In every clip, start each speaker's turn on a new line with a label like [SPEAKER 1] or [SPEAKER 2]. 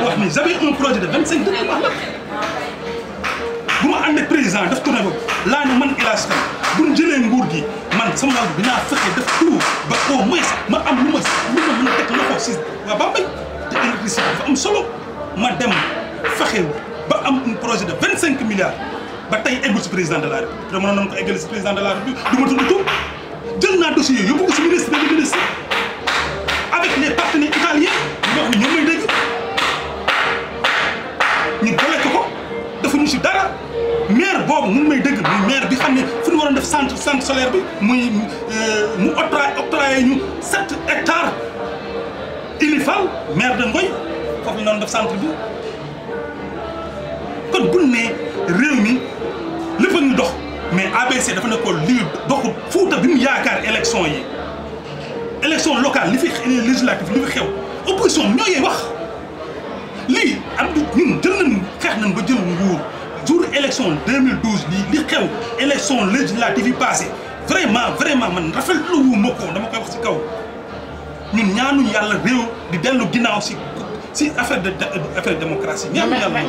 [SPEAKER 1] laa wax nii j'avais un projet de vingt cinq dëkk wax la bu ma ànd ak président def tournée boobu laa ne man Elaj Kane buñ jëlee nguur gi man sama wàll dinaa fexe def tout ba au moins ma am lu ma lu ma mën a teg loxo si waa Bambey te électricité dafa am solo ma dem fexe ba am un projet de vingt cinq milliards ba tey eggul si président de la République te mënoon nañu ko eggale si président de la République du ma tudd tur jël naa dossier yóbbu ko si ministre de ministre avec les partenaires italiens ñoo xam ne si dara maire boobu mu may dëgg muy maire bi xam ne fu ñu waroon def centre centre solaire bi muy euh, mu octroyé octroyé ñu sept hectares ilifal maire de Ngoy foofu la ñu doon def centre bi kon bu nee mi lépp a ñu dox mais ABC dafa ne ko lii doxul Fuuta bi mu yaakaar élection yi élection locale li fi législative li fi xew opposition ñoo yee wax lii am du ñun jël nañ xeex nañ ba nguur jour élection 2012 bii li xew élection législative yi passé vraiment vraiment man rafetlu wu ma ko dama koy wax si kaw ñun ñaanuñu yàlla réew di dellu ginnaaw si ci affaire de affaire démocratie. ñaanuñu yàlla mais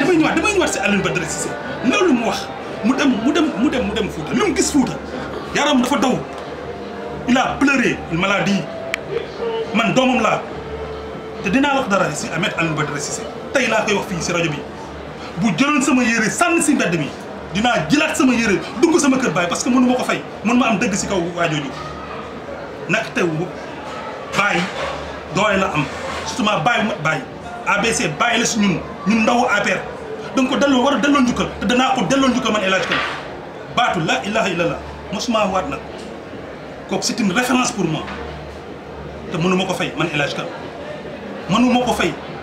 [SPEAKER 1] damay ñëwaat damay ñëwaat ci Alioune Badara Cissé loolu mu wax mu dem mu dem mu dem mu dem Fouta li mu gis Fouta yaram dafa daw il a pleuré une maladie man doomam laa te dinaa wax dara ci Ahmed Alioune Badara Cissé laa koy wax fii si rajo bi. bu jëloon sama yére sànn si mbedd mi dinaa jëlaat sama yére dugg sama kër baay parce que mënu ma ko fay mën ma am dëgg si kaw waajooju nag tew baay doole la am surtout baay bu mat baay ABC baay la si ñun ñun ndawu APR danga ko delloo war a delloo njukkal te danaa ko delloo njukkal man El Hadj baatu la ilaha illallah mosuma waat nag kooku c'est une référence pour moi te mënu ko fay man El Hadj Kane ko fay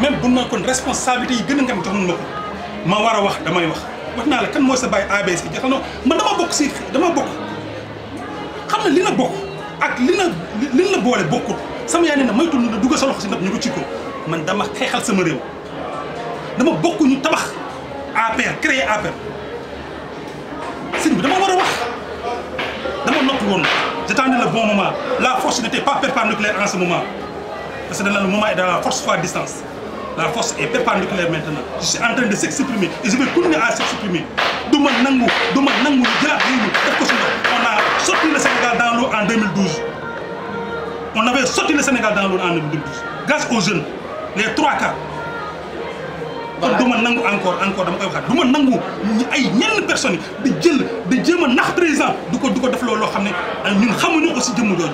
[SPEAKER 1] même bu ma kon responsabilité yi gën a ngam jox nañ ma ko war a wax damay wax wax naa la kan mooy sa bàyyi ABC jox na man dama bokk si dama bokk xam li li la boole bokkut sama yaay nee na moytu na dugg si ndab ñu ko ko man dama xeexal sama réew dama bokk tabax APR créer APR sëñ bi dama war a wax dama noppi woon j'attendais le bon la force n'était pas perpendiculaire en ce moment parce que dans et dans force fois distance la force et perpendiculaire maintenant je suis en train de s'exprimer et je vais continuer à s'exprimer du ma nangu du ma nangu ñu jëlaat def ko suñu on a sorti le Sénégal dans l'eau en 2012 on avait sorti le Sénégal dans l'eau en 2012 grâce o jeune les trois cas du ma nangu encore encore dama koy waxaat du ma nangu ay ñenn personnes yi di jël di jëm a nax président du ko du ko def loolu loo xam ne ñun xamuñu aussi jëm jooju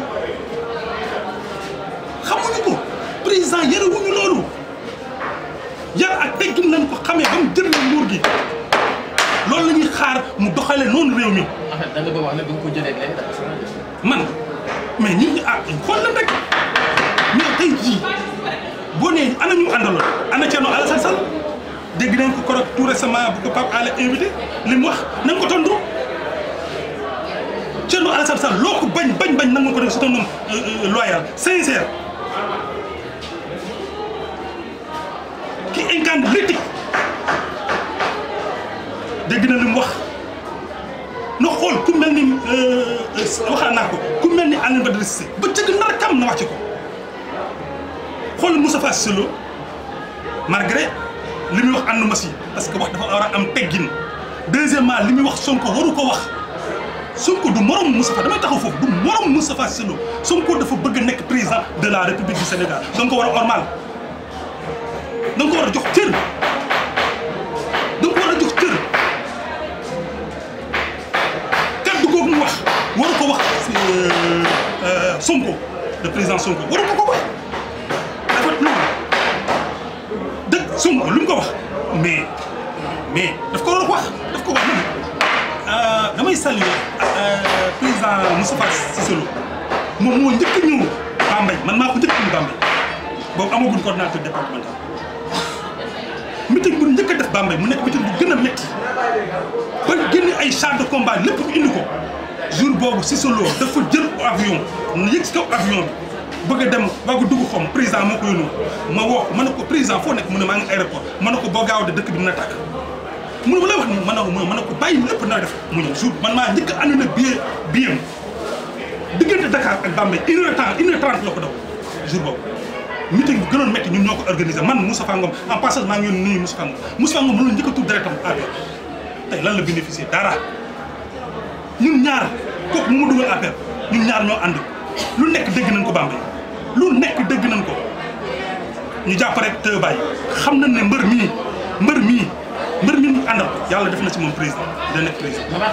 [SPEAKER 1] xamuñu ko président yërewuñu yi loolu la ñuy xaar mu doxale noonu réew mi. da nga wax ne bu man mais ñi ngi ah mais tey jii boo nee ana ñu àndaloon ana Thierno Alassane Sall dégg nañ ko korog tout récemment bu ko Pape Alé invité li wax na ko tontu Thierno Alassane Sall loo bañ bañ bañ nangu ko def c'est un homme euh, euh, loyal sincère qui incarne dégg na li mu wax na xool ku mel ni euh, euh, waxaa naa ko ku mel ni Alioune Badara Cissé ba cëgg nar kam na wàcc ko xool Moustapha Cissé Lo malgré li muy wax ànduma si parce que wax dafa war a am teggin deuxièmement li muy wax Sonko waru ko wax Sonko du morom Moustapha damay taxaw foofu du morom Moustapha Cissé Lo Sonko dafa bëgg nekk président de la République du Sénégal danga war a ormal danga ko war jox cër waru ko wax euh, euh, Sonko le président Sonko waru ko wax dafa loolu dëgg Sonko lu mu ko wax mais mais daf ko wax daf ko wax nag euh, damay saluer président Moustapha Cissé Lo moom moo njëkk ñëw Bambey man maa ko njëkk ñëw Bambey boobu amaguñ coordonnateur départemental meeting bu njëkk a def Bambey mu nekk meeting bu gën a métti ba génn ay chars de combat lépp indi ko jour boobu Cissé Lo dafa jël avion yëg si kaw avion bi bëgg a dem bëgg a dugg xom président moo ko yónni ma woo ko ma ne ko président foo nekk mu ne maa ngi aéroport ma ne ko boo gaaw de dëkk bi dina tàkk mu ne ma lay wax nii ma ne ko ma ne ko bàyyi lépp na def mu ñëw jour man maa njëkk a ànd na billet billet diggante Dakar ak Bambey une heure temps une heure trente la ko daw jour boobu meeting bi gënoon métti ñun ñoo ko organisé man Moustapha Ngom en passage maa ngi yoon nuyu Moustapha Ngom Moustapha Ngom mënul njëkk a tudd deretam affaire tey lan la bénéficier dara ñun ñaar kooku mu ma dugal affaire ñun ñaar ñoo ànd lu nekk dégg nañ ko Bambey lu nekk dégg nañ ko ñu jàpp rek te bàyyi xam nañ ne mbër mii mbër mii mbër mii ñu àndal yàlla def na si moom président président.